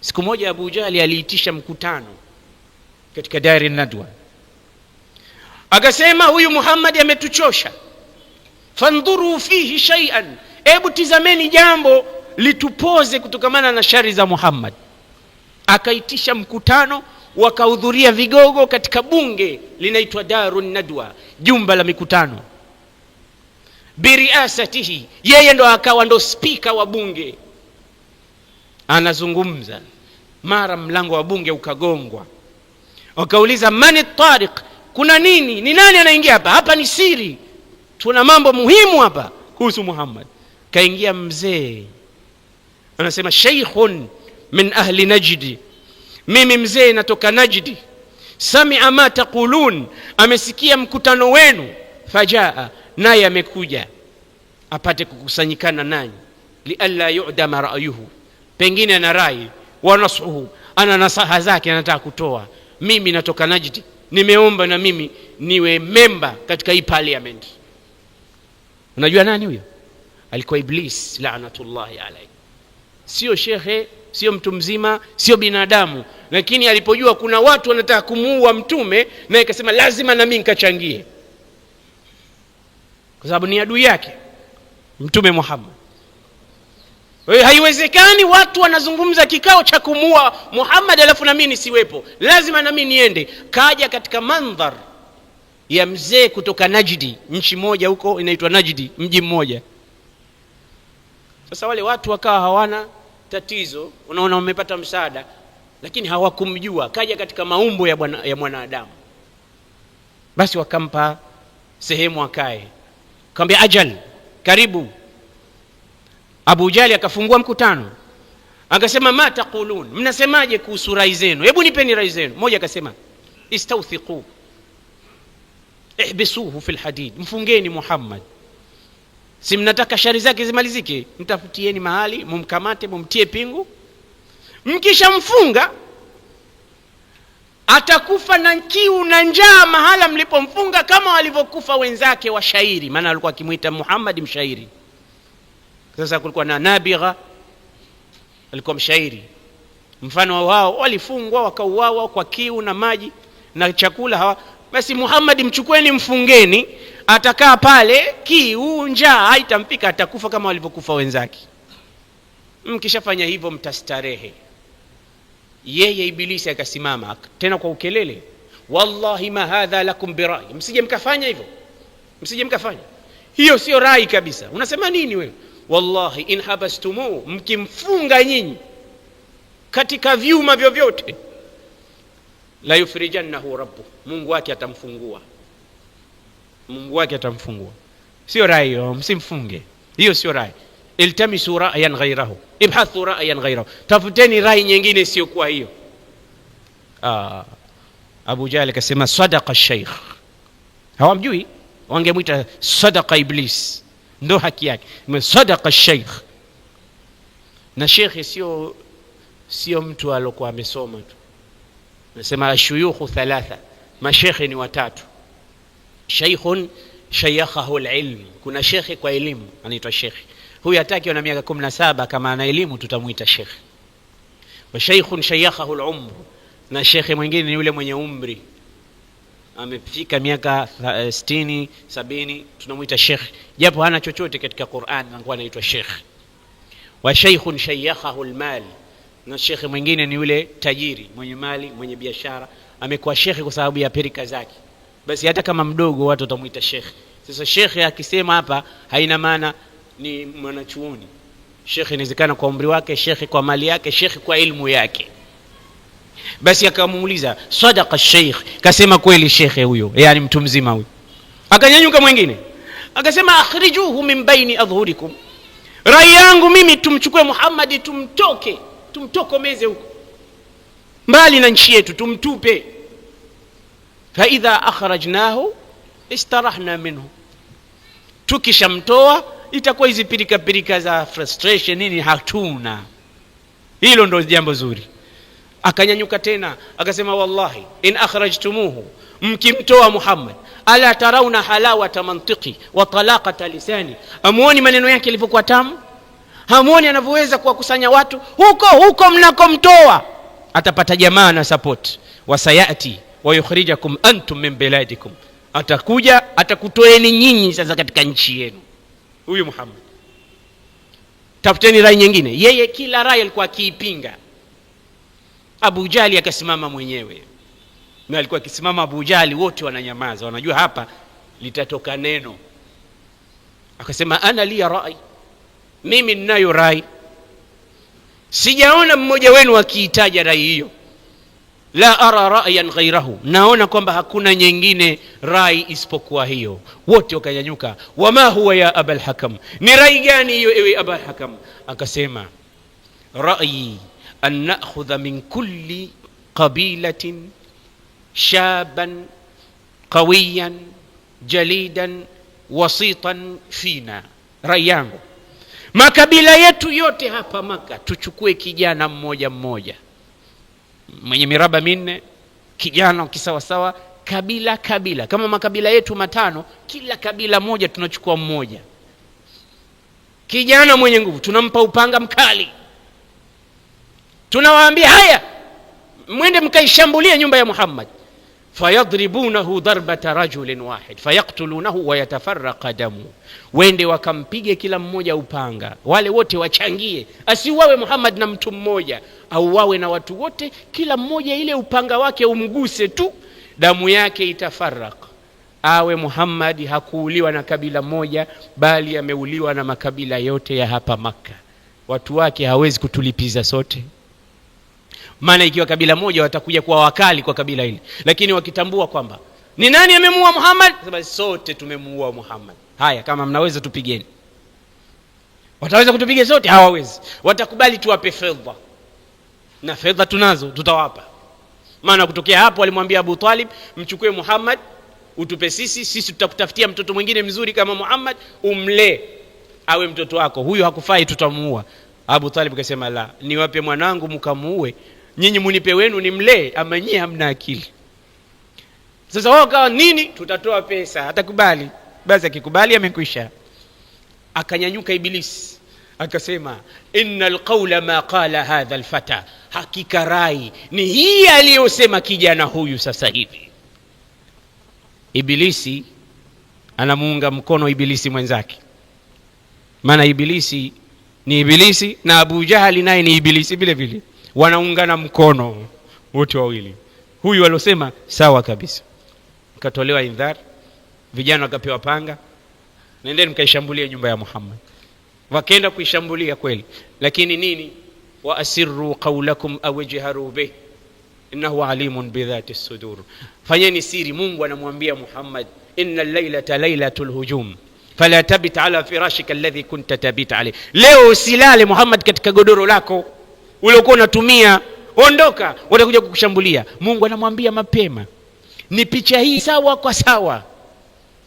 Siku moja Abu Jahli aliitisha mkutano katika Dari Nadwa, akasema huyu Muhammad ametuchosha, fandhuru fihi shay'an, ebu tizameni jambo litupoze kutokamana na shari za Muhammad. Akaitisha mkutano, wakahudhuria vigogo katika bunge linaitwa Darun Nadwa, jumba la mikutano, biriasatihi, yeye ndo akawa ndo spika wa bunge anazungumza, mara mlango wa bunge ukagongwa, wakauliza mani tariq, kuna nini? Ni nani anaingia hapa? Hapa ni siri, tuna mambo muhimu hapa kuhusu Muhammad. Kaingia mzee anasema, sheikhun min ahli Najdi, mimi mzee natoka Najdi. Samia ma taqulun, amesikia mkutano wenu. Fajaa, naye amekuja apate kukusanyikana nanyi, lialla yudama rayuhu pengine ana rai wa ana nasaha zake anataka kutoa. Mimi natoka Najdi, nimeomba na mimi niwe memba katika hii parliament. Unajua nani huyo? Alikuwa Iblis laanatullahi alai sio shekhe, sio mtu mzima, sio binadamu, lakini alipojua kuna watu wanataka kumuua Mtume, naye akasema lazima nami nkachangie kwa sababu ni adui yake Mtume Muhammad. Eh, haiwezekani watu wanazungumza kikao cha kumua Muhammad alafu nami nisiwepo, lazima nami niende. Kaja katika mandhar ya mzee kutoka Najdi, nchi moja huko inaitwa Najdi, mji mmoja. Sasa wale watu wakawa hawana tatizo, unaona, wamepata msaada, lakini hawakumjua. Kaja katika maumbo ya, ya mwanadamu. Basi wakampa sehemu akae, kawambia ajal, karibu Abu Jali akafungua mkutano akasema, ma taqulun, mnasemaje kuhusu rai zenu? Hebu nipeni rai zenu. Mmoja akasema istauthiqu ihbisuhu fi lhadid, mfungeni Muhammad, si mnataka shari zake zimalizike? Mtafutieni mahali mumkamate, mumtie pingu, mkishamfunga atakufa na kiu na njaa mahala mlipomfunga, kama walivyokufa wenzake washairi. Maana alikuwa akimwita Muhammad mshairi. Sasa kulikuwa na Nabigha, alikuwa mshairi. Mfano wao walifungwa wakauawa kwa kiu na maji na chakula hawa. Basi Muhammad mchukueni, mfungeni, atakaa pale, kiu njaa aitampika atakufa kama walivyokufa wenzake. Mkishafanya mm, hivyo mtastarehe. Yeye Ibilisi akasimama tena kwa ukelele, wallahi ma hadha lakum birai, msije mkafanya hivyo, msije mkafanya hiyo, sio rai kabisa. Unasema nini wewe? wallahi, in habastumuhu, mkimfunga nyinyi katika vyuma vyovyote, la yufrijannahu rabbu, Mungu wake atamfungua. Mungu wake atamfungua. Sio rai hiyo, oh, msimfunge hiyo, sio rai. Iltamisu rayan ghayrahu, ibhathu rayan ghayrahu, tafuteni rai nyingine sio kwa hiyo. Ah, Abu Jahl akasema sadaqa sheikh. Hawamjui, wangemwita sadaqa iblis ndo haki yake. Sadaka sheikh. Na shekhe sio sio mtu alokuwa amesoma tu, nasema ashuyukhu thalatha, mashekhe ni watatu. Sheikhun shayakhahu lilmu kuna shekhe kwa elimu anaitwa shekhe. Huyu hataki na miaka 17 kama ana elimu tutamwita shekhe. Wa sheikhun shayakhahu alumr, na shekhe mwingine ni yule mwenye umri amefika miaka uh, sitini sabini, tunamwita shekh japo hana chochote katika Qur'an, anakuwa anaitwa shekh. Wa shaykhun shayakhahu almal, na shekhe mwingine ni yule tajiri mwenye mali mwenye biashara, amekuwa shekhe kwa sababu ya perika zake. Basi hata kama mdogo, watu watamwita shekh. Sasa shekhe akisema hapa haina maana ni mwanachuoni. Shekhe inawezekana kwa umri wake, shekhe kwa mali yake, shekhe kwa ilmu yake. Basi akamuuliza sadaka sheikh, kasema kweli shekhe huyo, yani mtu mzima huyo. Akanyanyuka mwingine akasema akhrijuhu min baini adhhurikum, rai yangu mimi tumchukue Muhammadi tumtoke tumtokomeze huko mbali na nchi yetu tumtupe. Faidha akhrajnahu istarahna minhu, tukishamtoa itakuwa hizi pirikapirika za frustration nini hatuna. Hilo ndo jambo zuri. Akanyanyuka tena akasema, wallahi in akhrajtumuhu, mkimtoa Muhammad, ala tarauna halawata mantiqi wa talaqata lisani, amuoni maneno yake yalivyokuwa tamu? Hamuoni anavyoweza kuwakusanya watu huko huko mnakomtoa? Atapata jamaa na support, wasayati wayukhrijakum antum min biladikum, atakuja atakutoeni nyinyi sasa katika nchi yenu. Huyu Muhammad, tafuteni rai nyingine. Yeye kila rai alikuwa akiipinga. Abu Jali akasimama mwenyewe, na alikuwa akisimama Abu Jali, wote wananyamaza, wanajua hapa litatoka neno. Akasema ana liya rai, mimi ninayo rai, sijaona mmoja wenu akiitaja rai hiyo. La ara rayan ghairahu, naona kwamba hakuna nyingine rai isipokuwa hiyo. Wote wakanyanyuka. Wama huwa ya abal hakam, ni rai gani hiyo ewe abal hakam? Akasema rai an nakhudha min kulli qabilatin shaban qawiyan jalidan wasitan fina. Rai yangu makabila yetu yote hapa Maka tuchukue kijana mmoja mmoja mwenye miraba minne, kijana kisawasawa, kabila kabila, kama makabila yetu matano, kila kabila moja tunachukua mmoja kijana mwenye nguvu, tunampa upanga mkali tunawaambia haya, mwende mkaishambulie nyumba ya Muhammad, fayadribunahu darbata rajulin wahid fayaktulunahu wayatafaraqa damu, wende wakampige kila mmoja upanga, wale wote wachangie, asiuawe Muhammad na mtu mmoja, au wawe na watu wote, kila mmoja ile upanga wake umguse tu, damu yake itafaraka awe Muhammad hakuuliwa na kabila moja, bali ameuliwa na makabila yote ya hapa Makka. Watu wake hawezi kutulipiza sote. Maana ikiwa kabila moja watakuja kuwa wakali kwa kabila hili, lakini wakitambua kwamba ni nani amemuua Muhammad, sote tumemuua Muhammad. Haya, kama mnaweza tupigeni. Wataweza kutupiga sote? Hawawezi. Watakubali tuwape fedha, na fedha tunazo, tutawapa. Maana kutokea hapo walimwambia Abu Talib, mchukue Muhammad utupe sisi, sisi tutakutafutia mtoto mwingine mzuri kama Muhammad, umlee awe mtoto wako. Huyo hakufai, tutamuua. Abu Talib kasema la, niwape mwanangu mkamuue nyinyi munipe wenu ni mlee, ama nyie hamna akili. Sasa wao kawa nini, tutatoa pesa, atakubali basi. Akikubali amekwisha. Akanyanyuka Ibilisi akasema, inna alqaula ma qala hadha alfata, hakika rai ni hii aliyosema kijana huyu sasa hivi. Ibilisi anamuunga mkono ibilisi mwenzake, maana ibilisi ni ibilisi na Abu Jahali naye ni ibilisi vile vile wanaungana mkono wote wawili. Huyu aliosema sawa kabisa, katolewa indhar, vijana wakapewa panga, nendeni mkaishambulia nyumba ya Muhammad. wakenda kuishambulia kweli, lakini nini? wa asirru qaulakum aw ijharu bih innahu alimun bidhati sudur, fanyeni siri. Mungu anamwambia Muhammad, inna lailata lailatul hujum fala tabit ala firashika alladhi kunta tabit alayh, leo usilale Muhammad katika godoro lako uliokuwa unatumia, ondoka, watakuja kukushambulia. Mungu anamwambia mapema, ni picha hii sawa kwa sawa.